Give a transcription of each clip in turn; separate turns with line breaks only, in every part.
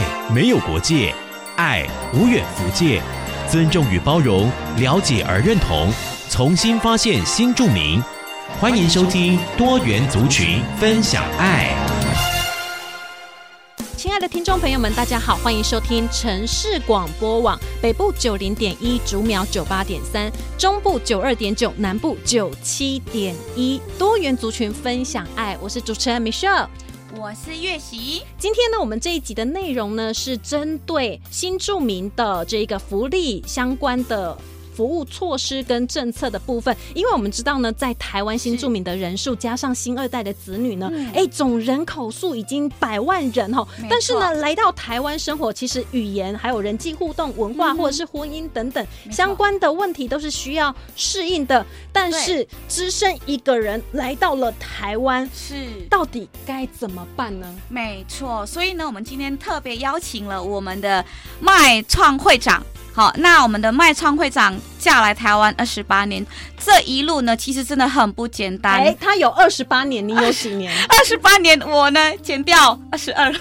愛沒有國界，愛無遠弗屆，尊重與包容，了解而認同，重新發現新住民。歡迎收聽多元族群分享愛。
親愛的聽眾朋友們，大家好，歡迎收聽城市廣播網北部九零點一，竹苗九八點三，中部九二點九，南部九七點一，多元族群分享愛，我是主持人 Michelle。
我是月喜，
今天呢，我們這一集的內容呢，是針對新住民的這個福利相關的。服務措施跟政策的部分，因為我們知道呢，在台灣新住民的人數是加上新二代的子女呢，哎、嗯、欸，總人口數已經百萬人哈。錯但是呢，來到台灣生活，其實語言、還有人際互動、文化、嗯、哼或者是婚姻等等錯相關的問題，都是需要適應的。但是，只身一個人來到了台灣，對是到底該怎麼辦呢？沒錯，所以
呢，我們今天特別邀請了我們的麥創會長。好，那我們的麥創會長嫁來台灣二十八年，這一路呢，其實真的很不簡單。哎、欸，
他有二十八年，你有幾年？二十八年，我呢減掉二十二六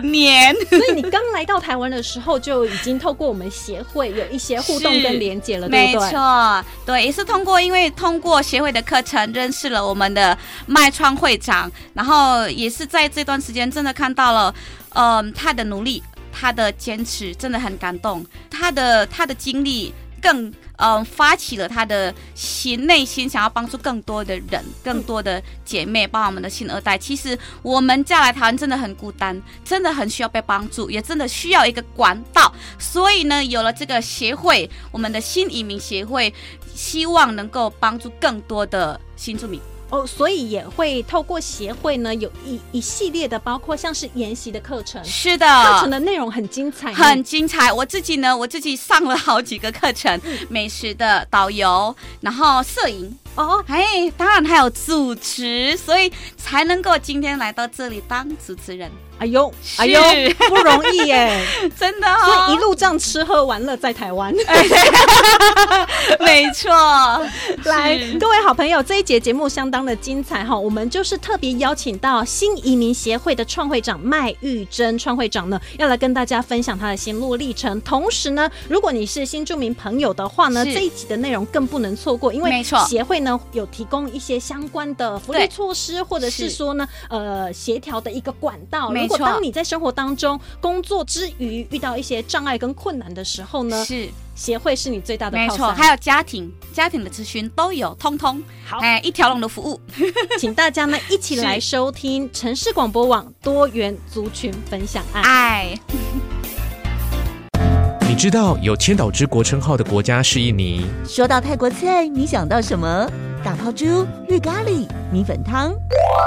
年。所以你剛來到台灣的時候，就已經透過我們協會有一些互動跟連接了，是對不
對？沒錯，對，也是通過，因為通過協會的課程，認識了我們的麥創會長，然後也是在這段時間，真的看到了，嗯、呃，他的努力。他的堅持真的很感動，他的他的經歷更嗯、呃、發起了他的心內心想要幫助更多的人，更多的姐妹幫我們的新二代。其實我們嫁來台灣真的很孤單，真的很需要被幫助，也真的需要一個管道。所以呢，有了這個協會，我們的新移民協會，希望能夠幫助更
多的新住民。哦，oh, 所以也會透過協會呢，有一一系列的，包括像是研習的課程，是的，課程的內容很精彩，很精彩。我自己呢，
我自己上了好幾個課程，美食的導遊，然後攝影。哦，哎，當然還有主持，所以才能夠今天來到這裡當
主持人。哎呦，是哎呦，不容易耶， 真的這、哦、一路這樣吃喝玩樂在台灣。哎，沒錯，來，各位好朋友，這一節節目相當的精彩哈，我們就是特別邀請到新移民協會的創會長麥玉珍創會長呢，要來跟大家分享他的心路歷程。同時呢，如果你是新住民朋友的話呢，是這一集的內容更不能錯過，因為沒錯，協會。呢，有提供一些相關的福利措施，對或者是說呢，是呃，協調的一個管道。沒錯如果當你在生活當中、工作之餘遇到一些障礙跟困難的時候呢，是協會是你最大的沒錯，還有家庭，家庭的諮詢都有，通通好，哎，一條龍的服務， 請大家呢一起來收聽城市廣播網多元族群分享愛愛。
你知道有“千島之國”稱號的國家是印尼。
說到泰國菜，你想到什麼？打拋豬、綠咖喱、米粉湯。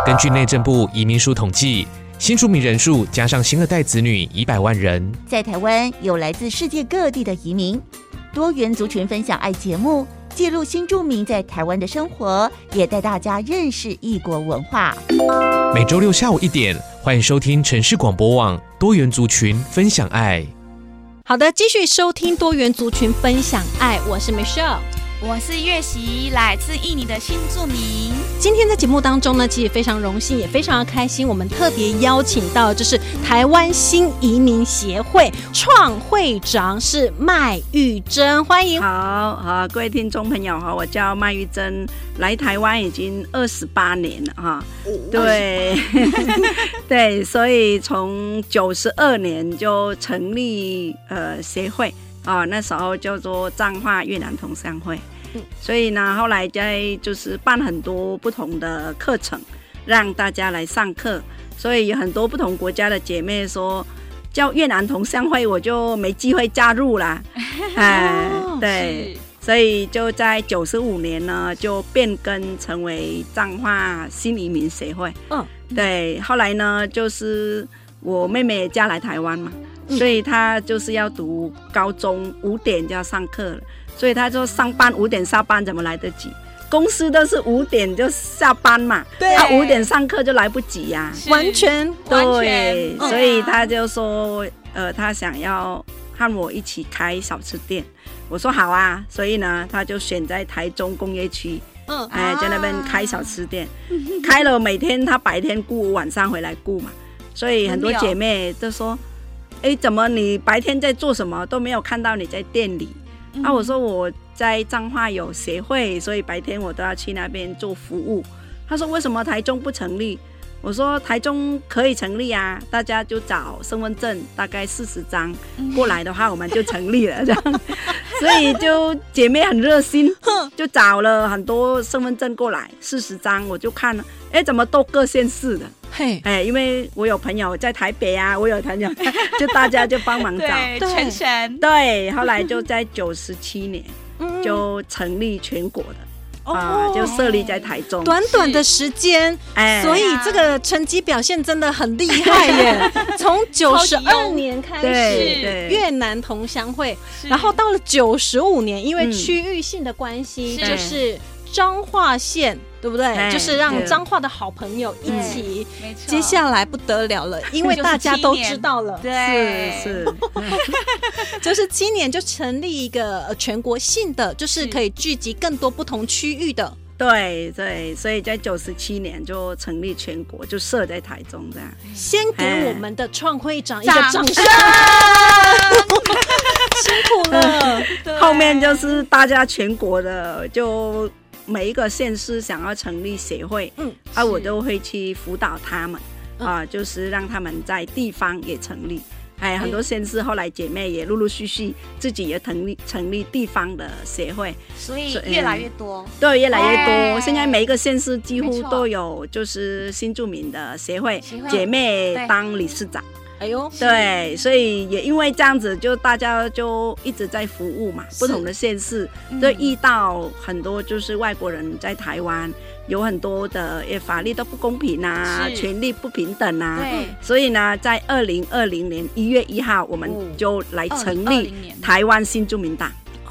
根據內政部移民署統計，新住民人數加上新二代子女，一百萬人。
在台灣有來自世界各地的移民，多元族群分享愛節目，記錄新住民在台灣的生
活，也帶大家認識異國文化。
每週六下午一點，歡迎收聽城市廣播網《多元族群分享愛》。
好的，繼續收聽多元族群分享愛，我是 Michelle。我是月習，來自印尼的新住民。今天在節目當中呢，其實非常榮幸，也非常開心。我們特別邀請到就是台灣新移民協會創會長是
麥玉珍，歡迎。好，好，各位聽眾朋友，好，我叫麥玉珍，來台灣已經二十八年了哈。對，對，所以從九十二年就成立呃協會啊，那時候叫做彰化越南同鄉會。所以呢，後來在就是辦很多不同的課程，讓大家來上課。所以有很多不同國家的姐妹說，叫越南同鄉會，我就沒機會加入啦。哎，哦、對，是所以就在九十五年呢，就變更成為彰化新移民協會。哦，嗯、對，後來呢，就是我妹妹嫁來台灣嘛，所以她就是要讀高中，五點就要上課了。所以他說上班五點下班怎麼來得及？公司都是五點就下班嘛，他五點上課就來不及呀。啊，完全對。所以他就說，呃，他想要和我一起開小吃店，我說好啊。所以呢，他就選在台中工業區，嗯，在那邊開小吃店，開了，每天他白天顧，晚上回來顧嘛，所以很多姐妹就說，哎，怎麼你白天在做什麼都沒有看到你在店裡？啊，我說我在彰化有協會，所以白天我都要去那邊做服務。他說，為什麼台中不成立？我說台中可以成立啊，大家就找身份證，大概四十張過來的話，我們就成立了。這樣， 所以就姐妹很熱心，就找了很多身份證過來，四十張我就看了，哎、欸，怎麼都各縣市的？哎，因為我有朋友在台北啊，我有朋友，就大家就幫忙找，對，全神，對，後來就在九十七年就成立全國的，啊，就設立在台中，短
短的時間，哎，所以這
個成績表現真的很厲
害耶，從九十二年開始，越南同鄉會，然後到了九十五年，因為區域性的關係，就是。彰化縣，對不對？對，就是讓彰化的好朋友一起。沒錯對。接下來不得了了，對因為大家都知道了。對。是。是 就是今年就
成立一個全國性的，就是可以聚集更多不同區域的。對對，所以在九十七年就成立全國，就設在台中這樣。
先給我們的創會長一個掌聲，
辛苦了。後面就是大家全國的就。每一個縣市想要成立協會，嗯，啊，我都會去輔導他們，嗯、啊，就是讓他們在地方也成立。哎，嗯、很多縣市後來姐妹也陸陸續續自己也成立成立地方的協會，所以越來越
多，對，嗯、越來越多。對對現在每
一個縣市幾乎都有就是新住民的協會錯姐妹當理事長。
哎呦，對，
是所以也因為這樣子，就大家就一直在服務嘛，是不同的縣市就遇到很多，就是外國人在台灣、嗯、有很多的，也法律都不公平吶、啊，是權利不平等吶、啊，對，所以呢，在二零二零年一月一號，我們就來成立台灣新住民黨。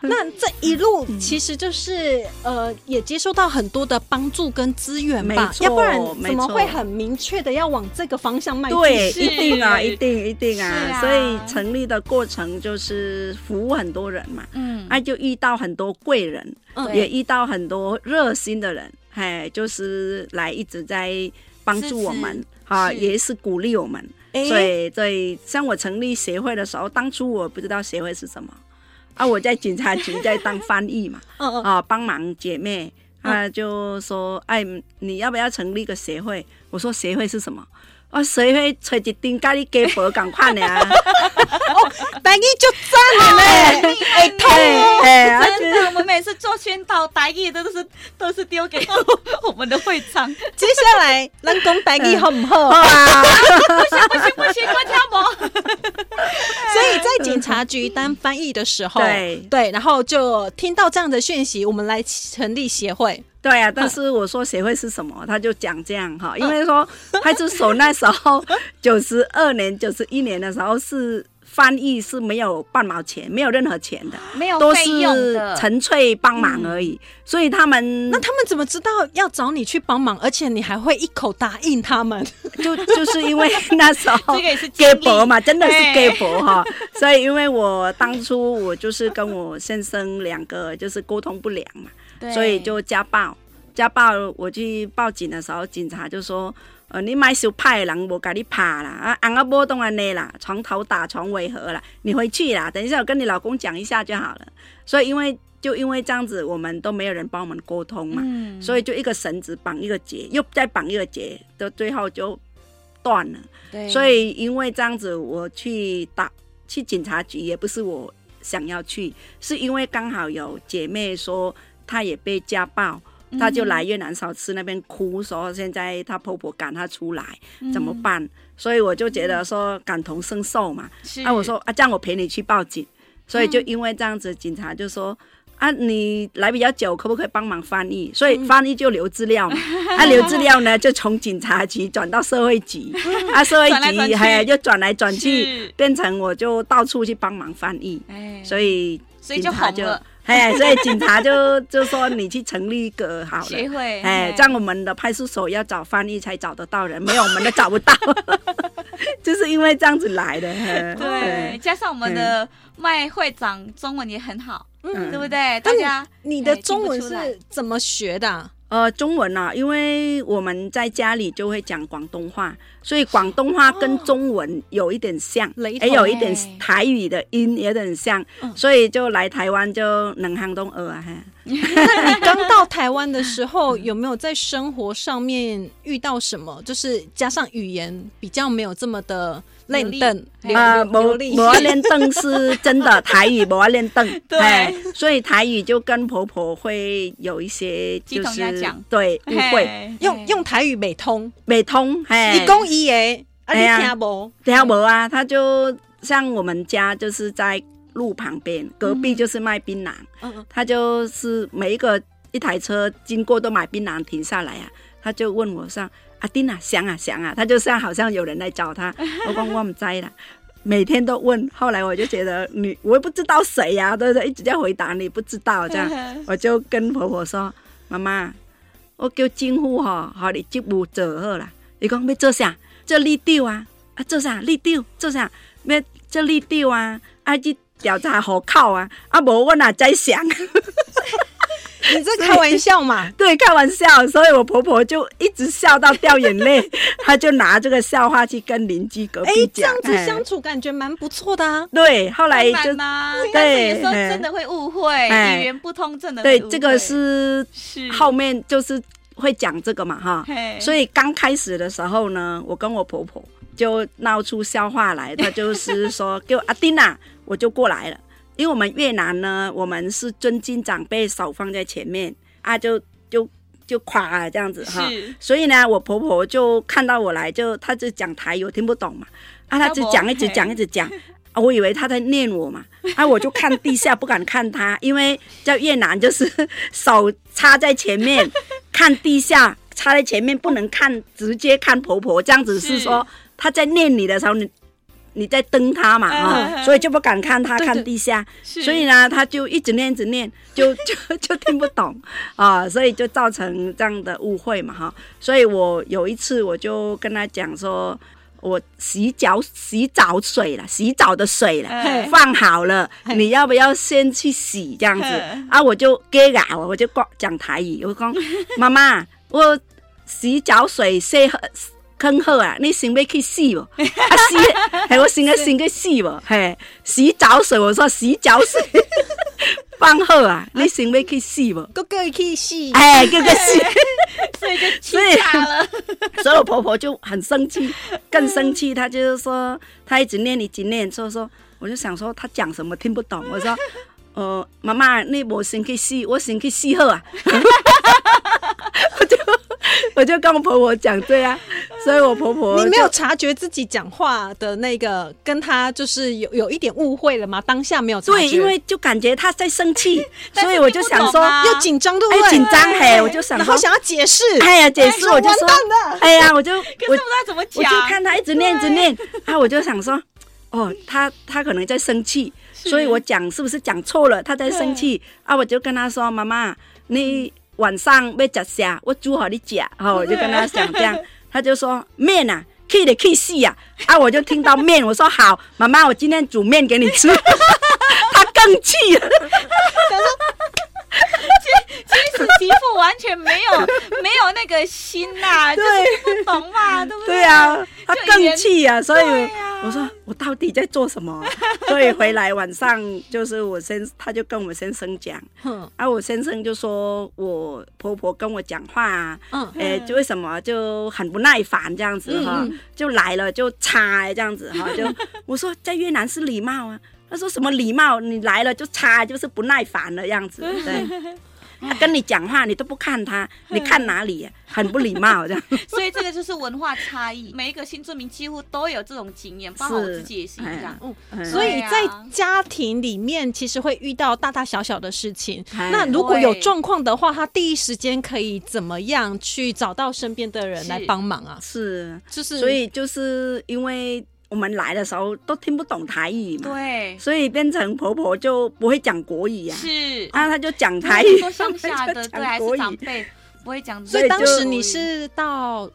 那這一路其實就是呃，也接受到很多的幫助跟資源沒錯，要不然怎麼會很明確的要往這個方向邁進？對，一定啊，一
定一定啊！所以成立的過程就是服務很多人嘛，嗯，那就遇到很多貴人，也遇到很多熱心的人，嘿，就是來一直在幫助我們哈，也是鼓勵我們。所以，對，像我成立協會的時候，當初我不知道協會是什麼。啊，我在警察局在當翻譯嘛， 哦哦啊，幫忙姐妹，她，就說哎、欸，你要不要成立一個協會？我說協會是什麼？我誰以會揣一頂甲你加博同款的啊。台語就讚了！會真的我
們每次做宣導，台語都是都是丟給我們的會長。接下來，能工
台語好不好？不行不行不行，郭家博。所以在警察局當翻譯的時候，對對，然後就聽
到這樣的訊息，我們來成立協會。對啊，但是我說協會是什麼？嗯、他就講這樣哈，因為說派出所那時候九十二年、九十一年的時候是翻譯是沒有半毛錢，沒有任何錢的，的都是純粹幫忙而已。嗯、所以他們那他們怎麼知道要找你去幫忙，而且你還
會一口答應他們？就就是因為那時候
雞婆 嘛，真的是雞婆哈。嘿所以因為我當初我就是跟我先生兩個就是溝通不良嘛。對所以就家暴，家暴，我去報警的時候，警察就說：“呃，你買手派的人，我給你趴啦，啊，按個無動按呢啦，床頭打床尾和了，你回去啦，等一下我跟你老公講一下就好了。”所以因為就因為這樣子，我們都沒有人幫我們溝通嘛，嗯、所以就一個繩子綁一個結，又再綁一個結，到最後就斷了。對所以因為這樣子，我去打去警察局也不是我想要去，是因為剛好有姐妹說。他也被家暴，
他就來越
南小吃那邊哭說：“現在他婆婆趕他出來，怎麼辦？”所以我就覺得說感同身受嘛。啊，我說：“啊，這樣我陪你去報警。”所以就因為這樣子，警察就說：“啊，你來比較久，可不可以幫忙翻譯？”所以翻譯就留資料嘛。啊，留資料呢，就從警察局轉到社會局，啊，社會局還就轉來轉去，變成我就到處去幫忙翻譯。哎，所以所以就好了。哎， 所以警察就就說你去成立一個好了，哎會，在嘿我們的派出所要找翻譯才找得到人，沒有我們都找不到， 就是因為這樣子來的。對，嘿加上我們的
麥會長中文也很好，嗯，對不對？嗯、大
家，你的中文是怎麼學的？呃，中文吶、啊，因為我們在家裡就會講廣東話，所以廣東話跟中文有一點像，也有一點台語的音有點像，嗯、所以就來台灣就能講動二啊。哈 你
剛到台灣的時候，有沒有在生活上面遇到什麼？就是加上語言比較沒有這麼的。練鄧啊，磨磨練
鄧是真的台語磨練鄧，哎，所以台語就跟婆婆會有一些就是對誤會，用用台語美通美通，哎，一公一耶，啊，你聽下無？聽下無啊，他就像我們家就是在路旁邊，隔壁就是賣檳榔，嗯，他就是每一個一台車經過都買檳榔停下來啊，他就問我上。阿丁啊，想啊，想啊，他就像好像有人來找他，我講我們在了， 每天都問。後來我就覺得你，我也不知道誰呀、啊，對不對？一直在回答你不知道這樣， 我就跟婆婆說：“媽媽，我叫政府給進戶哈，好，你就不走後了。你講要做啥？做立丟啊？啊，做啥？立丟？做啥？要做立丟啊？啊，去調查戶口啊？啊，無我哪在想。 ”你在開玩笑嘛？對，開玩笑，所以我婆婆就一直笑到掉眼淚， 她就拿這個笑話去跟鄰居隔壁講。欸、這樣子相處感覺蠻不錯的啊。對，後來就對，有時真的會誤會，欸、語言
不
通真的會會、欸、對，這個是是
後面就是會講這個嘛哈是、喔。所以剛開始的時候呢，我跟我婆婆就鬧出笑話來， 她就是說給我阿丁娜、啊，我就過來了。因為我們越南呢，我們是尊敬長輩，手放在前面啊就，就就就誇這樣子哈。是所以呢，我婆婆就看到我來，就她就講台語我聽不懂嘛，
啊，她就講一直講一直
講，啊，我以為她在念我嘛，啊，我就看地下不敢看她， 因為在越南就是手插在前面，看地下插在前面不能看，直接看婆婆這樣子是說她是在念你的時候。你在瞪他嘛哈，啊啊、所以就不敢看他，對對，看地下，是所以呢，他就一直念，一直念，就就就聽不懂 啊，所以就造成這樣的誤會嘛哈、啊。所以我有一次我就跟他講說，我洗腳洗澡水了，洗澡的水了，啊、放好了，啊、你要不要先去洗這樣子？啊，啊，我就給咬，我就講講台語，我講媽媽，我洗澡水先。坑好啊，你先要去洗哦，啊洗，係 我先個、啊、是先去洗哦，係洗澡水我說洗腳水，放 好啊，你先要去洗不？
哥哥、啊哎、去洗，哎哥哥洗，所以就
吵架了。所以我婆婆就很生氣， 更生氣，她就是說，她一直念，一直念，就說，我就想說，她講什麼聽不懂，我說，呃媽媽，你我先去洗，我先去洗好啊。 我就跟我婆婆講，對啊，所以我婆婆，你沒有察覺自己講話的那個跟他
就是有有一點誤會了嗎？當下沒有察覺，對，因為就感覺他在生氣，所以我就想說，又緊張，對，緊張嘿，我就想說，想要解釋，哎呀，解釋，我就說，
哎呀，我就，不知道怎麼講，我就看她一直念，一直念，然後我就想說，哦，他他可能在生氣，所以我講是不是講錯了，他在生氣啊，我就跟他說，媽媽，你。晚上要吃啥，我煮給你吃。然後我就跟他講這樣，他就說面啊，氣的氣死啊，啊，我就聽到面，我說好，媽媽，我今天煮麵給你吃， 他更氣了，
即使其實媳婦完全沒有 沒有那個心吶、啊， 對啊、不懂
嘛，對不對？對啊他更氣啊。所以、啊、我說我到底在做什麼？ 所以回來晚上就是我先，他就跟我先生講， 啊，我先生就說我婆婆跟我講話、啊，嗯，哎，就為什麼就很不耐煩這樣，嗯嗯、啊、這樣子哈，就來了就擦這樣子哈，就 我說在越南是禮貌啊，他說什麼禮貌？你來了就擦，就是不耐煩的樣子，對不對？ 他、啊、跟你講話，你都不看他，你看哪裡、啊？ 很不禮貌，這樣。
所以這個就是文化差異，每一個新住民幾乎都有這種經驗， 包括我自己也是一樣。哎
嗯、所以在家庭裡面，其實會遇到大大小小的事情。哎、呀那如果有狀況的話，他第一時間可以怎麼樣去找到身邊的人來
幫忙啊？是，是就是，所以就是因為。我們來的時候都聽不懂台語嘛，對，所以變成婆婆就不會講國語呀，啊，是，然後他就講台語。上
下的國語，對，所以長輩不會講。所以當時你是
到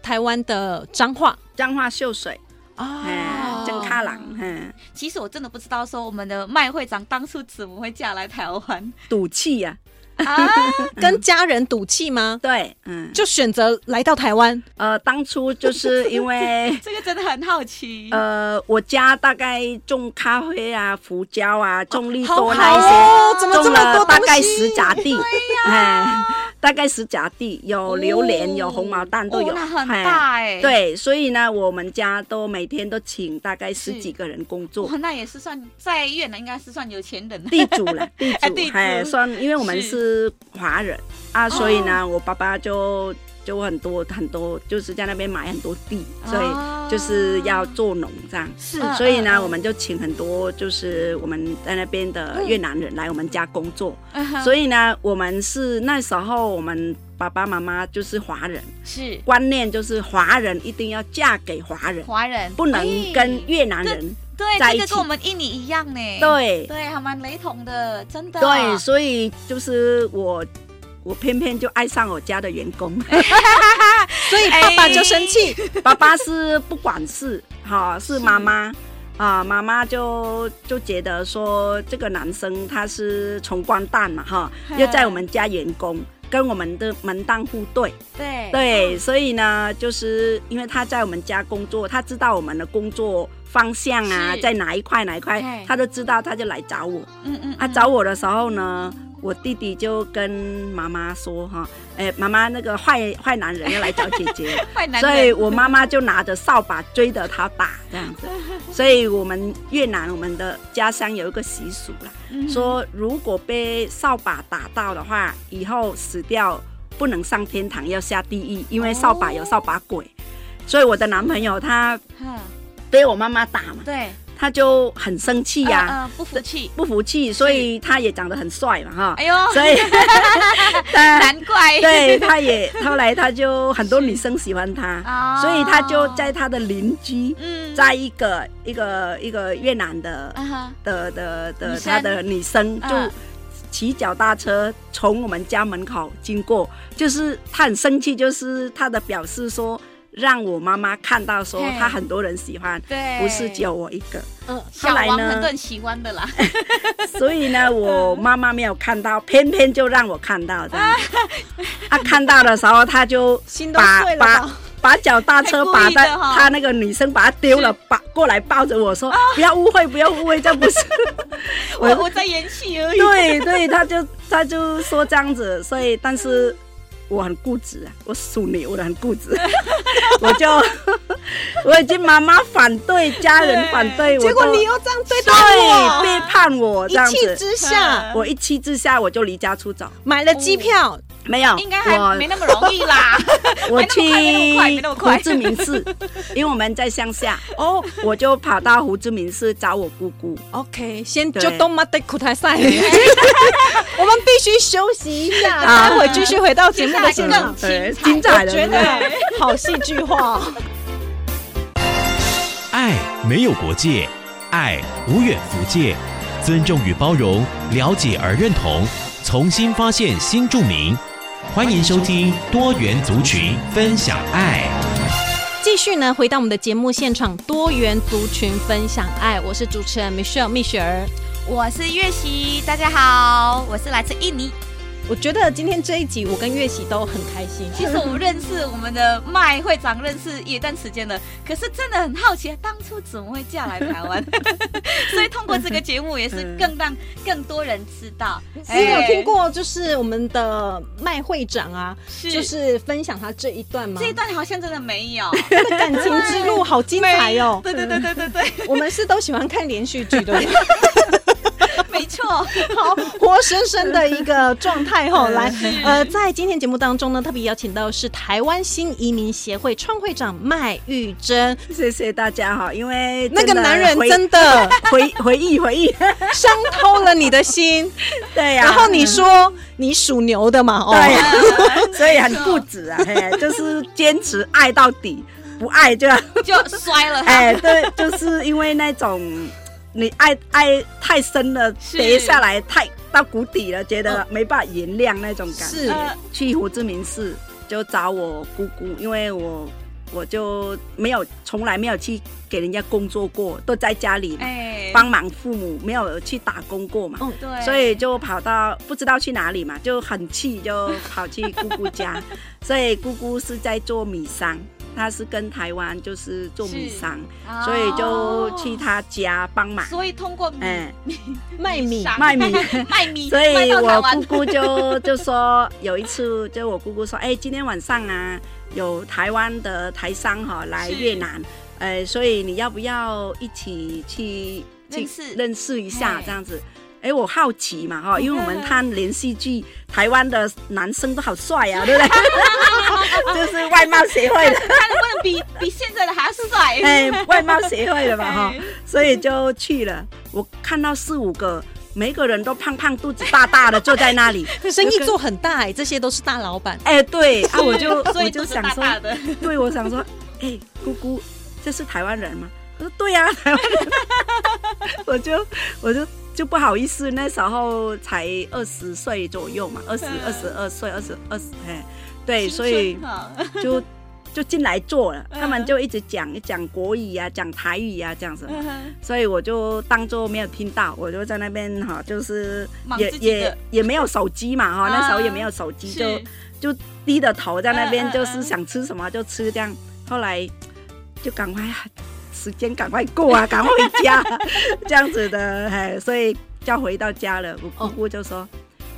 台灣的彰化？彰化秀水啊，真他娘！哦嗯、
其實我真的不知道，說我們的麥會長當初怎麼會嫁來台灣，
賭氣呀。啊，跟家人賭氣嗎？嗯，對，嗯，就選擇來到台灣。
呃，當初就是因為
這個真的很好奇。呃，
我家大概種咖啡啊、胡椒啊、種綠多，那些，種了大概十甲地，哎呀。嗯 大概十甲地，有榴蓮，哦、有紅毛丹，都有，哦。那很大哎，欸！對，所以呢，我們家都每天都請大概十幾個人工作。哦、
那也是算在越南應該是算有錢人，地
主了，地主哎地，算，因為我們是華人是啊，所以呢，我爸爸就。就很多很多，就是在那邊買很多地，哦、所以就是要做農這樣。是，所以呢，嗯、我們就請很多，就是我們在那邊的越南人來我們家工作。嗯、 所以呢，我們是那時候我們爸爸媽媽就是華人，是觀念就是華人一定要嫁給華人，華人不能跟越南人、欸、對在一起。這個跟我們
印尼一樣呢。對對，還蠻雷同的，真的。對，所
以就是我。我偏偏就愛上我家的員工， 所以爸爸就生氣。哎、爸爸是不管事，哈、 哦，是媽媽，啊、呃，媽媽就就覺得說，這個男生他是窮光蛋嘛，哈、哦，又在我們家員工，跟我們的門當戶對，對，對，對嗯、所以呢，就是因為他在我們家工作，他知道我們的工作。方向啊，是在哪一塊哪一塊，Okay. 他都知道，他就來找我。嗯嗯，他、嗯啊、找我的時候呢，嗯、我弟弟就跟媽媽說：“哈，哎、欸，媽媽，那個壞壞男人要來找姐姐， 人所以我媽媽就拿着掃把追着他打，這樣子。 所以我們越南我們的家鄉有一個習俗啦，嗯、說如果被掃把打到的話，以後死掉不能上天堂，要下地獄，因為掃把有掃把鬼。所以我的男朋友他。 被我媽媽打嘛，對，他就很生氣呀，不服氣，不服氣，所以他也長得很帥嘛，哈，哎呦，所以，難怪，對，他也，後來他就很多女生喜歡他，所以他就在他的鄰居，在一個一個一個越南的的的的他的女生就騎腳踏車從我們家門口經過，就是他很生氣，就是他的表示說。讓我媽媽看到，說她很多人喜歡，對不是就我一個。嗯、呃，小王很
喜歡的啦。
所以呢，我媽媽沒有看到，偏偏就讓我看到。她、啊啊、看到的時候，她就把心了把吧把腳踏車把，把她、哦、她那個女生把她丟了，是把過來抱着我說：“啊、不要誤會，不要誤會，這不是 我我在演戲而已。對”對對，她就她就說這樣子，所以但是。我很固執啊，我屬牛。我很固執，我就我已經媽媽反對，家人反對，結果你又這樣對待我，背叛我，一氣之下，我一氣之下我就離家出走，買了機票，沒有，應該還沒那麼容易啦，我去胡志明市，因為我們在鄉下，哦，我就跑到胡志明市找我姑姑，OK，先。必
須休息一下， 啊、待會兒繼續回到節目的現場，精彩，我 好戲劇化。
愛沒有國界，愛無遠弗屆，尊重與包容，了解而認同，重新發現新住民，歡迎收聽多元族群分享愛。
繼續呢，回到我們的節目現場，多元族群分享愛，我是主持人 Mich Michelle 蜜雪兒。我是月喜，大家好，我是來自印尼。我覺得今天這一集我跟月喜都很開心。 其實我們
認識我們的麥會長認識一段時間了，可是真的很好奇，啊，當初怎麼會嫁來台灣？ 所以通過這個節目也是更讓更多人知道。嗯欸，你有聽過
就是我們的麥會長啊，是就是分享他這一段嗎？這一段好
像真的沒有。 感情之路好精彩哦！對對對
對對對， 我們是都喜歡看連續劇的。對 沒錯，好活生生的一個狀態後 來，是呃，在今天節目當中呢，特別邀請到是台灣新移民協會創會長麥玉珍。謝謝大家哈，因為那個男人真的回
回，回憶回憶
傷透了你的心， 對呀、啊。然後你說
你屬牛的嘛，哦， 對呀、啊，所以很固執啊， 就是堅持愛到底，不愛就、啊、
就摔了。哎，對，
就是因為那種。你愛愛太深了，是跌下來太到谷底了，覺得沒辦法原諒那種感覺。是呃、去胡志明市就找我姑姑，因為我我就沒有從來沒有去給人家工作過，都在家裡嘛、哎、幫忙父母，沒有去打工過嘛。哦、對。所以就跑到不知道去哪裡嘛，就很氣，就跑去姑姑家。 所以姑姑是在做米商。他是跟台灣就是做米商，oh, 所以就去他家幫忙。所以
通過哎賣米賣米、嗯、賣米，所以我姑姑就
就說有一次，就我姑姑說：“哎、欸，今天晚上啊，有台灣的台商哈、哦、來越南，哎是、呃，所以你要不要一起去認識去認識一下、嗯、這樣子？”哎，我好奇嘛哈，因為我們看連續劇，台灣的男生都好帥啊，對不對？ 就是外貌協會的，他們 比
比現在的還帥誒，外貌協會的嘛哈，
誒所以就去了。我看到四五個，每個人都胖胖肚子大大的坐在那裡， 生意做很大，欸，這些都是大老板哎，對，啊，是我就大大我就想說，對，我想說，哎姑姑，這是台灣人嗎？他說對呀，啊，台灣人，我 就我就。我就就不好意思，那時候才二十歲左右嘛，二十二十二歲，二十二十，嘿，對，所以就就進來做了。嗯、他們就一直講講國語啊，講台語啊，這樣子。嗯嗯、所以我就當做沒有聽到，我就在那邊哈、啊，就是也也也沒有手機嘛哈，啊嗯、那時候也沒有手機，就是就低着頭在那邊，嗯嗯、就是想吃什麼就吃這樣。後來就趕快、啊。時間趕快過啊，趕快回家， 這樣子的，嘿，所以就回到家了，我姑姑就說，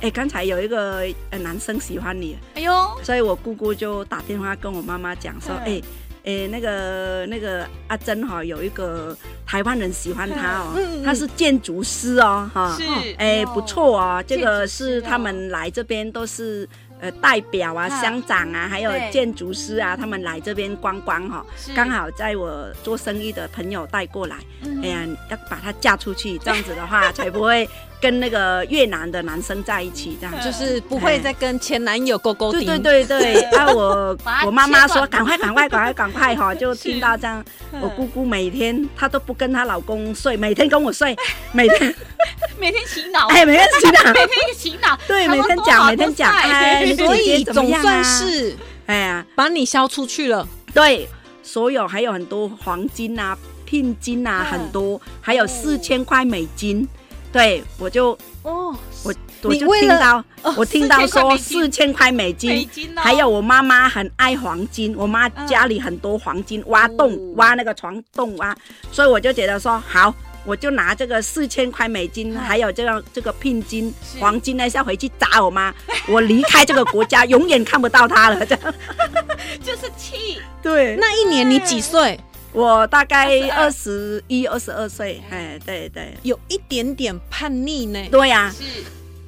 哎、oh. 欸，剛才有一個男生喜歡你，哎呦，所以我姑姑就打電話跟我媽媽講說，哎、oh. 欸，哎、欸、那個那個阿珍哈，有一個台灣人喜歡她哦，oh. 他是建築師哦，哈，哎、oh. 欸、不錯哦，oh. 這個是他們來這邊都是。呃，代表啊，鄉長啊，嗯、還有建築師啊，對他們來這邊觀光哈、哦，剛是好在我做生意的朋友帶過來，嗯、哼哎呀，要把她嫁出去，對這樣子的話 才不會。跟那個越南的男生在一起，這樣就是不會再跟前男友勾勾。對對對對，我我媽媽說趕快趕快趕快趕快哈，就聽到這樣。我姑姑每天她都不跟她老公睡，每天跟我睡，每天
每天洗腦，哎，每天洗腦，每天洗腦。對，每天講，每天講。哎，你總算是
哎呀，把你銷出去了。對，所有還有很多黃金啊、聘金啊，很多，還有四千塊美金。對，我就哦，我我就聽到，哦、我聽到說四千塊美金，美金哦、還有我媽媽很愛黃金，我媽家裡很多黃金，嗯、挖洞挖那個床洞挖，所以我就覺得說好，我就拿這個四千塊美金，嗯、還有這個這個聘金是黃金呢，下回去砸我媽，我離開這個國家， 永遠看不到她了，這樣，
就是氣，
對，嗯、那一年你幾歲？我大概二十一、二十二歲，哎，
對對，
有一點點
叛逆呢。對呀，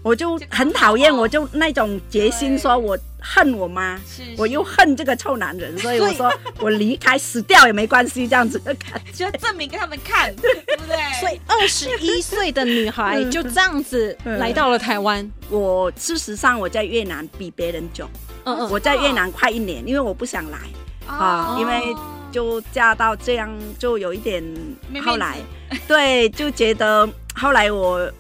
我就很討厭，我就那種決心，說我恨我媽，我又恨這個臭男人，所以我說我離開死掉也沒關係，這樣子的感覺
就要證明給他們看，對不對？所
以二十一歲的女孩就
這樣子
來到
了台灣。我事實上我在越南比別人久，我在越南快一年，因為我不想來啊，因為。就嫁到這樣，就有一點。後來，對，就覺得後來我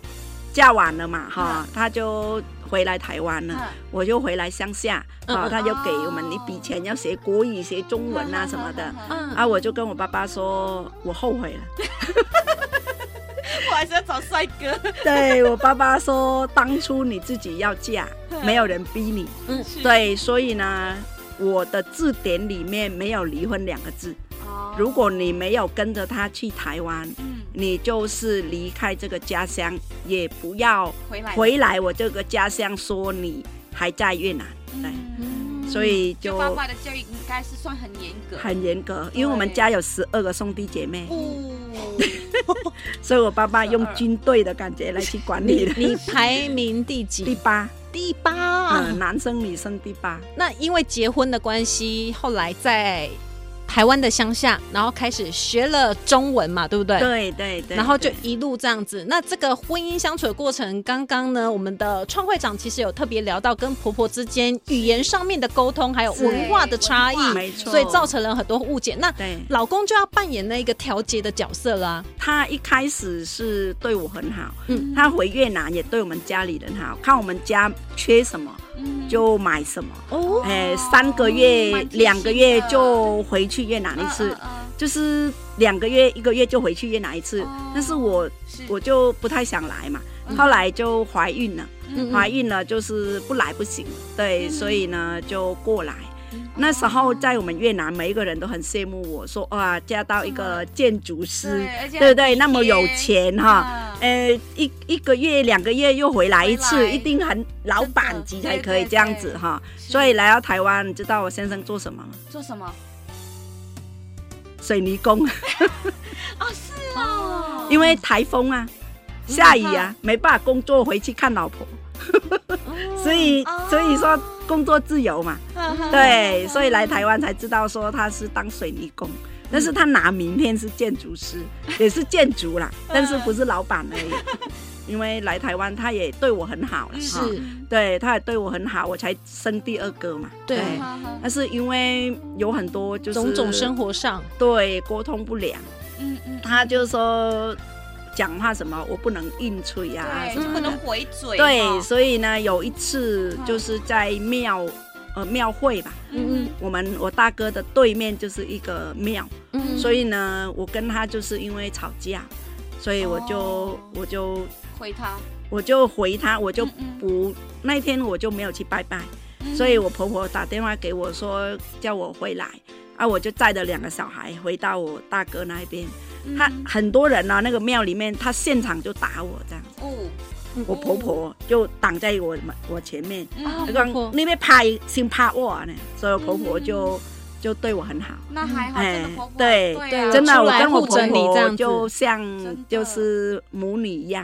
嫁完了嘛，哈，啊、他就回來台灣了，啊、我就回來鄉下，然後、嗯啊、他就給我們一筆錢，要學國語、學、嗯、中文啊、嗯、什麼的，嗯、啊，我就跟我爸爸說，我後悔了， 我還是要找帥哥。 對我爸爸說，當初你自己要嫁，沒有人逼你，嗯、對，所以呢。我的字典裡面沒有離婚兩個字。哦，如果你沒有跟着他去台灣，嗯，你就是離開這個家鄉，也不要回來。回來我這個家鄉說你還在越南，
對，
所以就爸爸的教育應該
是算很
嚴格。很嚴格，因為我們家有十二個兄弟姐妹。哦，所以我爸爸用軍隊的感覺來去管理。你排名第幾？第八。第
八、啊嗯，男生女生第八。那因為結婚的關係，後來在台灣的鄉下，然後開始學了中文嘛，對不對？對對
對、對。然後
就一路這樣子。那這個婚姻相處的過程，剛剛呢，我們的創會長其實有特別聊到跟婆婆之間語言上面的溝通，是還有文化的差異，沒錯，所以造成了很多誤解。那對老公就要扮演那個調節的角色啦，啊。
他一開始是對我很好，嗯，他回越南也對我們家裡人好，看我們家缺什麼。就買什麼哦，誒，三個月、兩個月就回去越南一次，就是兩個月、一個月就回去越南一次。但是我我就不太想來嘛，後來就懷孕了，懷孕了就是不來不行，對，所以呢就過來。那時候在我們越南，哦、每一個人都很羨慕我說：“哇，嫁到一個建築師，嗯、對不對，對，對？那麼有錢、嗯、哈，呃、欸，一一,一個月、兩個月又回來一次，來一定很老闆級才可以這樣子，對對對哈。是”所以來到台灣，你知道我先生做什麼嗎？做什麼？水泥工。 哦，
是哦。因為
颱風啊，下雨啊，沒辦法工作，回去看老婆。 所以，所以說工作自由嘛，
對，所以來台
灣才知道說他是當水泥工，但是他拿名片是建築師，也是建築啦，但是不是老闆而已。因為來台灣，他也對我很好，是，對，他也對我很好，我才生第二個嘛。對，但對是因為有很多就是種種生活上，對，溝通不良。嗯嗯，他就是說。講話什麼？我不能硬吹呀，我不能
回嘴。對，所以
呢，有一次就是在廟，呃，廟會吧。嗯嗯。我們我大哥的對面就是一個廟。嗯。所以呢，我跟他就是因為吵架，所以我就我就回他，我就回他，我就不那天我就沒有去拜拜，所以我婆婆打電話給我說叫我回來，啊，我就帶着兩個小孩回到我大哥那邊。他很多人呢，那個廟裡面，他現場就打我這樣。哦，我婆婆就擋在我我前面。哦，剛那邊拍新怕我呢，所以婆婆就就對我很
好。那還好。哎，對對，真的，我跟我婆婆就
像就是母女一樣。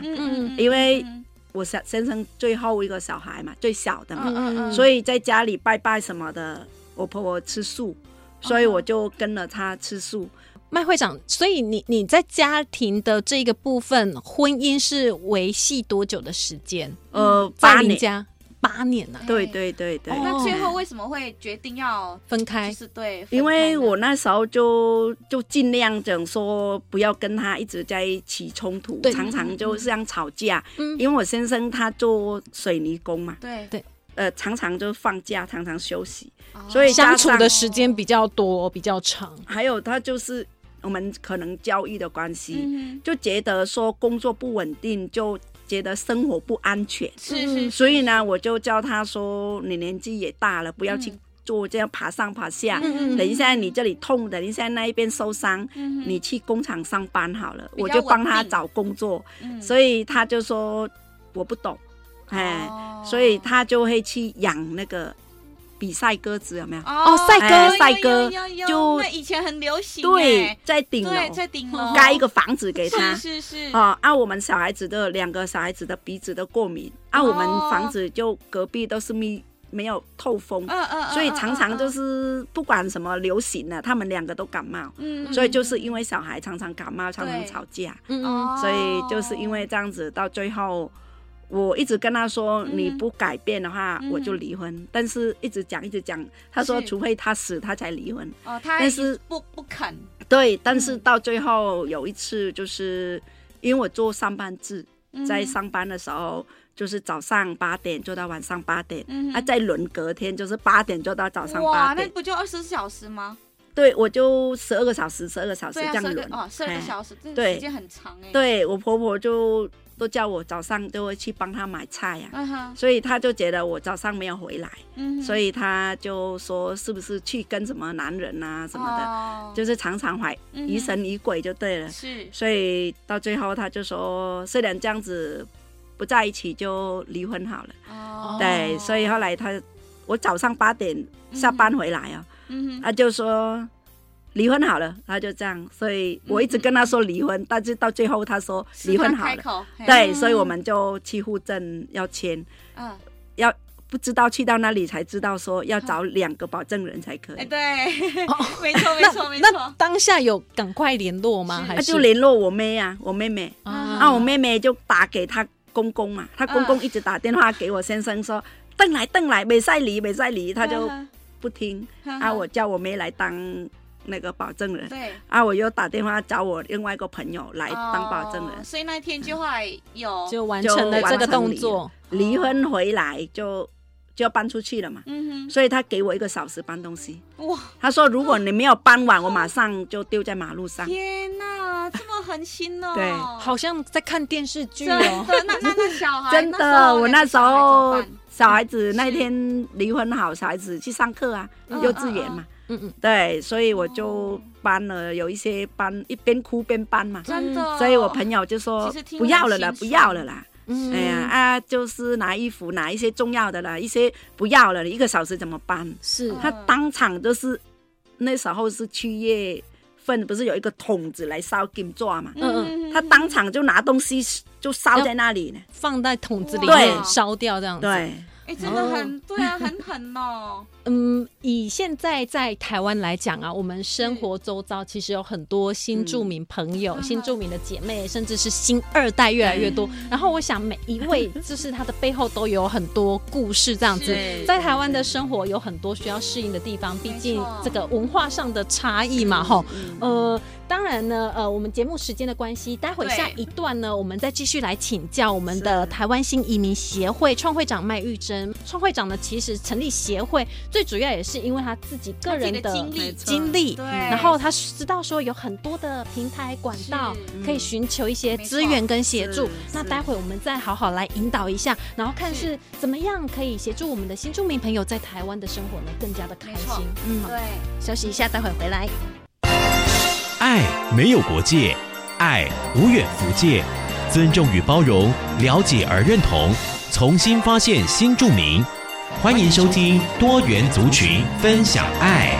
因為我先先生最後一個小孩嘛，最小的嘛，所以在家裡拜拜什麼的，我婆婆吃素，所以我就跟了她吃素。
麥會長，所以你你在家庭的這個部分，婚姻是維繫多久的時間？呃，八年，八
年了。對對對對。那最後
為什麼會決定要分開？是對，因
為我那時候就就儘量講說，不要跟他一直在一起衝突，常常就這樣吵架。嗯，因為我先生他做水泥工嘛，對對，呃，常常就放假，常常休息，所以相處的
時間比較多，比較長。
還有他就是。我們可能交易的關係，嗯、哼就覺得說工作不穩定，就覺得生活不安全，是是，是。所以呢，我就叫他說：“你年紀也大了，不要去做、嗯、哼這樣爬上爬下。嗯、哼等一下你這裡痛，等一下那一邊受傷，嗯、哼你去工廠上班好了。”我就幫他找工作，嗯、哼所以他就說我不懂，哦、哎，所以他就會去養那個。比賽鴿子有沒有？哦，賽鴿，賽鴿，就以
前很流行。對，在頂樓，在頂樓蓋一個房子給他。是是是。啊，
啊，我們小孩子的兩個小孩子的鼻子都過敏，啊，我們房子就隔壁都是密，沒有透風。所以常常就是不管什麼流行的，他們兩個都感冒。嗯。所以就是因為小孩常常感冒，常常吵架。嗯。所以就是因為這樣子，到最後。我一直跟他說，你不改變的話，我就離婚。但是一直講，一直講。他說，除非他死，他才離婚。哦，
他但是
不不
肯。對，但是到最後有一次，就是因為我做上班制，在上班的時候，就是早上八點做到晚上八點，那再輪隔天就是八點做到早上八點。哇，那
不就二十四小時嗎？
對，我就十二個小時，十二個小時這樣輪哦，十二個小時，對，時
間很長，對，
我婆婆就。都叫我早上就會去幫他買菜呀、啊，uh huh. 所以他就覺得我早上沒有回來，uh huh. 所以他就說是不是去跟什麼男人啊？什麼的，uh huh. 就是常常懷疑神疑鬼就對了。是、uh，huh. 所以到最後他就說，雖然這樣子不在一起就離婚好了。Uh huh. 對，所以後來他我早上八點下班回來啊，他、uh huh. 啊、就說。離婚好了，他就這樣，所以我一直跟他說離婚，但是到最後他說離婚好了，
對，所以我們
就去戶政要簽，要不知道去到那裡才知道說要找兩個保證人才可以，對，
沒錯沒錯沒錯。
那當下有趕快聯絡嗎？他就聯絡我妹啊，我妹妹，啊，我妹妹就打給她公公嘛，她公公一直打電話給我先生說鄧來鄧來沒再離沒再離，她就不聽，啊，我叫我妹來當。那個保證人，對，啊，我又打電話找我另外一個朋友來當保證人，所以那
一天就會有就完成了這個動作。
離婚回來就就要搬出去了嘛，所以他給我一個小時搬東西，哇，他說如果你沒有搬完，我馬上就丟在馬路上。天
哪，這麼狠心哦，對，
好像在看電視劇哦，真的，那那小孩，真的，我那時候小孩子那天離婚好，小孩子去上課啊，幼稚園嘛。嗯嗯，對，所以我就搬了，有一些搬，一邊哭邊搬嘛，所以我朋友就說不要了啦，不要了啦。哎呀啊，就是拿衣服，拿一些重要的啦，一些不要了，一個小時怎麼搬？是，他當場就是那時候是七月份，不是有一個桶子來燒金做嘛？嗯嗯，他當場就拿東西就燒在那裡呢，放在桶子裡燒掉這樣子。對，哎，
真
的很對啊，很狠哦。
嗯，以現在在台灣來講啊，我們生活周遭其實有很多新住民朋友、嗯、新住民的姐妹，甚至是新二代越來越多。嗯、然後我想每一位，就是他的背後都有很多故事，這樣子。是在台灣的生活有很多需要適應的地方，嗯、畢竟這個文化上的差異嘛，齁、嗯。呃，當然呢，呃，我們節目時間的關係，待會下一段呢，我們再繼續來請教我們的台灣新移民協會創會長麥玉珍。創會長呢，其實成立協會最最主要也是因為他自己個人的經歷，經歷、嗯，然後他知道說有很多的平台管道、嗯、可以尋求一些資源跟協助。那待會我們再好好來引導一下，是然後看是怎麼樣可以協助我們的新住民朋友在台灣的生活呢，更加的開心。錯嗯，對好，休息一下，待會回來。
愛沒有國界，愛無遠弗屆，尊重與包容，了解而認同，重新發現新住民。歡迎收聽多元族群分享愛。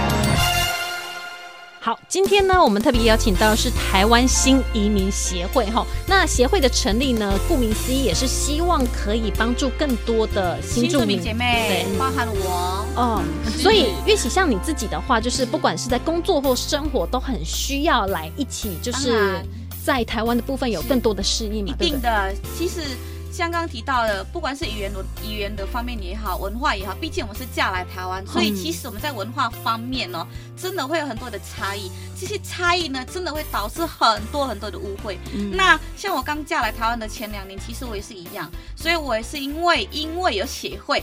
好，今天呢，我們特別邀請到的是台灣新移民協會哈、哦。那協會的成立呢，顧名思義也是希望可以幫助更多的新移民，民姐妹，對包含了
我
哦、嗯是嗯。所以，尤其像你自己的話，就是不管是在工作或生活，都很需要來一起，就是在台灣的部分有更多的適應嘛？一定的，
對對，其實。像剛剛提到的，不管是語言、語言的方面也好，文化也好，畢竟我們是嫁來台灣，所以其實我們在文化方面呢、哦，真的會有很多的差異。這些差異呢，真的會導致很多很多的誤會。嗯、那像我剛嫁來台灣的前兩年，其實我也是一樣，所以我也是因為因為有協會。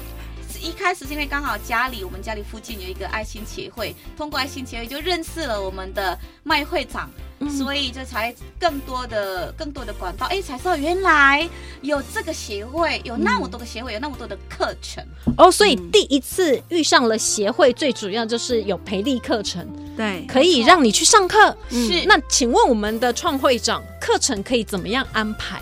一開始是因為剛好家裡，我們家裡附近有一個愛心協會，通過愛心協會就認識了我們的麥會長，嗯、所以就才更多的、更多的管道，哎、欸，才知道原來有這個協會，有那麼多的協會，嗯、有那麼多的課程
哦。所以第一次遇上了協會，嗯、最主要就是有培力課程，對，可以讓你去上課。嗯、是，那請問我們的創會長，課程可以怎麼樣安排？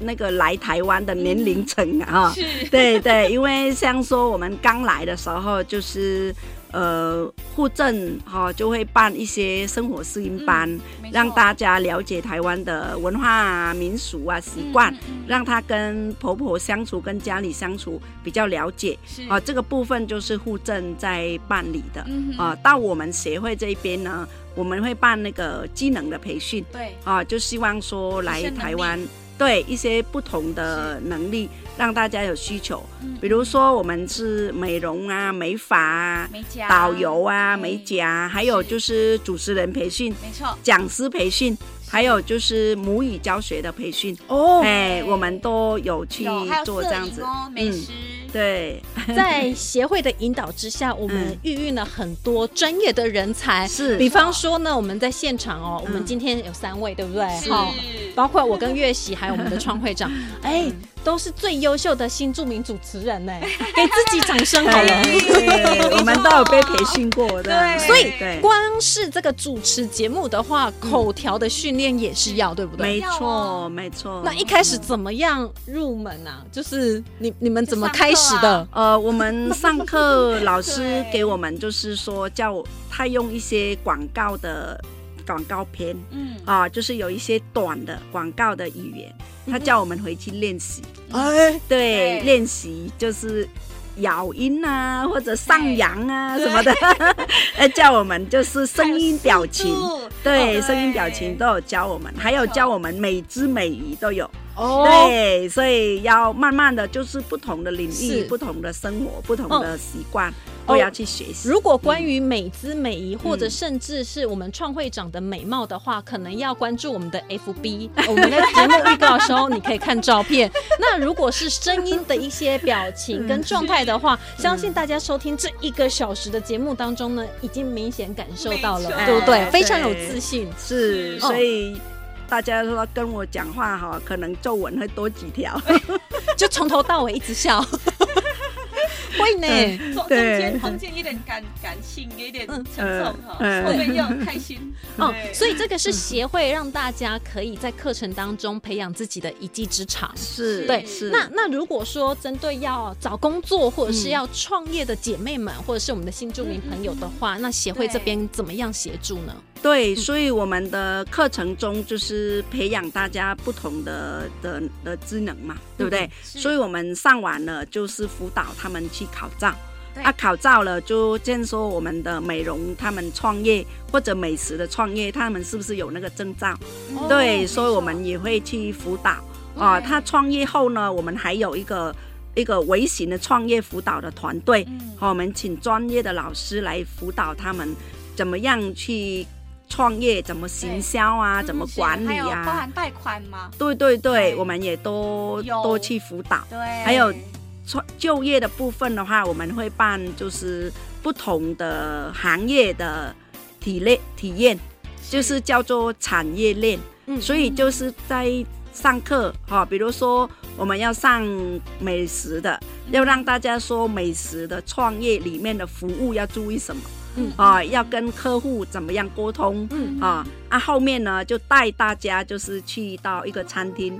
那個來台灣的年齡層啊、嗯、啊，是對對，因為像說我們剛來的時候，就是呃，戶政哈就會辦一些生活適應班，嗯、讓大家了解台灣的文化、啊、民俗啊、習慣，嗯、讓她跟婆婆相處、跟家裡相處比較了解。是啊，這個部分就是戶政在辦理的。嗯、哼啊，到我們協會這邊呢，我們會辦那個技能的培訓。對啊，就希望說來台灣。對一些不同的能力，是讓大家有需求。嗯、比如說，我們是美容啊、美髮啊、佳導遊啊、美甲佳，還有就是主持人培訓，錯講師培訓，是還有就是母語教學的培訓哦。哎嘿，嗯、我們都有去做這樣子，哦、嗯。對， 在協會的引導之下，我們
孕育了很多專業的人才。嗯、是，比方說呢，哇我們在現場哦，嗯、我們今天有三位，對不對？是好，包括我跟月喜， 還有我們的創會長。 哎。嗯都是最優秀的新著名主持人呢、欸，給自己掌聲好了。我們都有被培訓過
的，
對所以
光是這個主持節目的話，嗯、口條的訓練也是要，對不對？沒錯，
沒錯。那一開始
怎麼樣入門啊？
嗯、就是你你們怎麼開始的？啊、呃，我們上課老師給我們就是說，叫他用一些廣告的廣告片，嗯啊，就是有一些短的廣告的語言，嗯嗯，他叫我們回去練習。哎、對，對，練習就是咬音啊，或者上揚啊、哎、什麼的，哎對， 叫我們就是聲音表情，對，哦、聲音表情都有教我們，對還有教我們每只每魚都有，哦，對，所以要慢慢的就是不同的領域、是不同的生活、不同的習慣。哦我要去學習。如
果關於美姿美儀或者甚至是我們創會長的美貌的話，可能要關注我們的 FB。我們在節目預告的時候，你可以看照片。那如果是聲音的一些表情跟狀態的話，相信大家收聽這一個小時
的節目當中呢，已經明顯感受到了，對不對？非常有自信。是，所以大家說跟我講話哈，可能皺紋會多幾條，就從頭到尾一直笑。會呢，中、嗯、中間中間
有點感感性，有點沉重哈，嗯嗯、後面要開心哦。所以這個是
協會讓大家可以在課程當中培養自己的一技之長，是對。是那那，如果說針對要找工作或者是要創業的姐妹們，嗯、或者是我們的新住民朋友的話，嗯、那協會這邊怎麼樣協助呢？
對，嗯、所以我們的課程中就是培養大家不同的的的技能嘛，嗯、對不對？是所以我們上完了就是輔導他們去考照，對啊，考照了就見說我們的美容，他們創業或者美食的創業，他們是不是有那個證照？嗯、對，哦、所以我們也會去輔導、嗯、啊。對他創業後呢，我們還有一個一個微型的創業輔導的團隊、嗯啊，我們請專業的老師來輔導他們怎麼樣去。創業怎麼行銷啊？對怎麼管理啊？嗯、還有包含
貸款嗎？對
對對，哎、我們也多有多去輔導。對。還有創就業的部分的話，我們會辦就是不同的行業的體驗體驗，是就是叫做產業鏈。嗯。所以就是在上課哈、嗯啊，比如說我們要上美食的，嗯、要讓大家說美食的創業裡面的服務要注意什麼。啊、嗯呃，要跟客戶怎麼樣溝通？呃、嗯啊，那後面呢，就帶大家就是去到一個餐廳，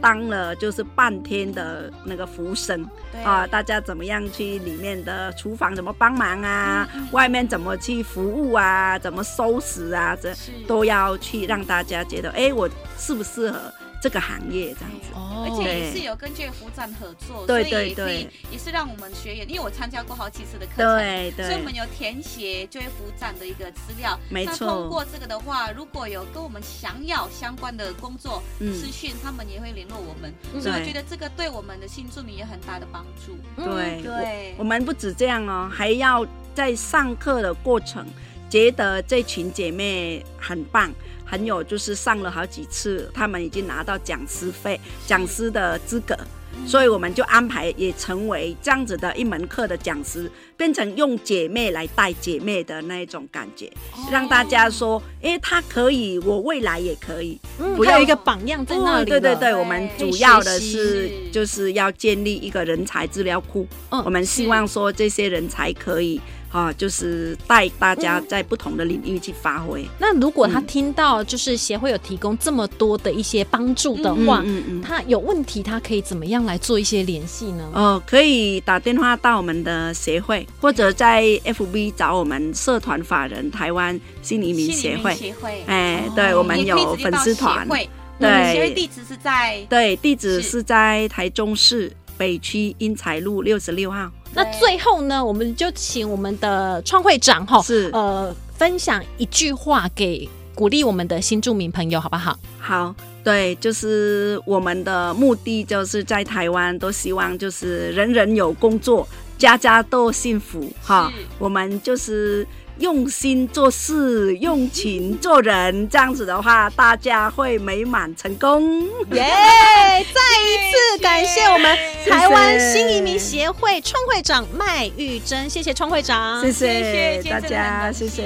當了就是半天的那個服務生。呃、
對啊，大
家怎麼樣去裡面的廚房怎麼幫忙啊？嗯嗯、外面怎麼去服務啊？怎麼收拾啊？這是都要去讓大家覺得，哎，我適不適合？這個行業這樣子，而且也是有
跟就業服務站合作，所以、哦、也是讓我們學員，因為我參加過好幾次的課程，對對，對，所以我們有填寫就業服務站的一個資料。沒錯。通過這個的話，如果有跟我們想要相關的工作資訊，嗯、他們也會聯絡我們。嗯、所以我覺得這個對我們的新住民有很大的幫助。對、嗯、對我，我
們不止這樣哦，還要在上課的過程，覺得這群姐妹很棒。朋友就是上了好幾次，他們已經拿到講師費，講是師的資格，嗯、所以我們就安排也成為這樣子的一門課的講師，變成用姐妹來帶姐妹的那一種感覺，是讓大家說，哎、欸，她可以，我未來也可以，嗯，不要有一個榜樣在那裡，哦，對對對，我們主要的是就是要建立一個人才資料庫，嗯是，我們希望說這些人才可以。啊、哦，就是帶大家在不同的領域去發揮。那、嗯嗯、如果他聽到就是
協會有提供這麼多的一些幫助的話，嗯嗯嗯嗯、他有問題他可以怎麼樣來
做一些聯繫呢？哦，可以打電話到我們的協會，或者在 FB 找我們社團法人台灣新移民協會。協會哎，欸哦、對我們有粉絲團。會對，因為地
址是在
對，地址是在台中市是北區英才路六十六號。
那最後呢，我們就請我們的創會長吼是，呃，分享一句話給鼓勵我們的新住民朋友，好不好？
好，對，就是我們的目的，就是在台灣都希望就是人人有工作，家家都幸福哈。是我們就是。用心做事，用情做人，這樣子的話，大家會美滿成功。耶！Yeah, 再一次感謝我
們台灣新移民協會創會長麥玉珍，謝謝創會長，謝謝大家，
謝謝。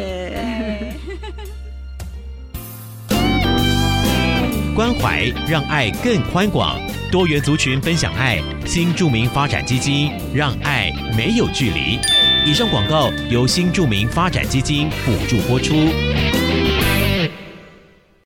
關懷讓愛更寬廣，多元族群分享愛，新住民發展基金讓愛沒有距離。以上廣告由新住民發展基金補助播出。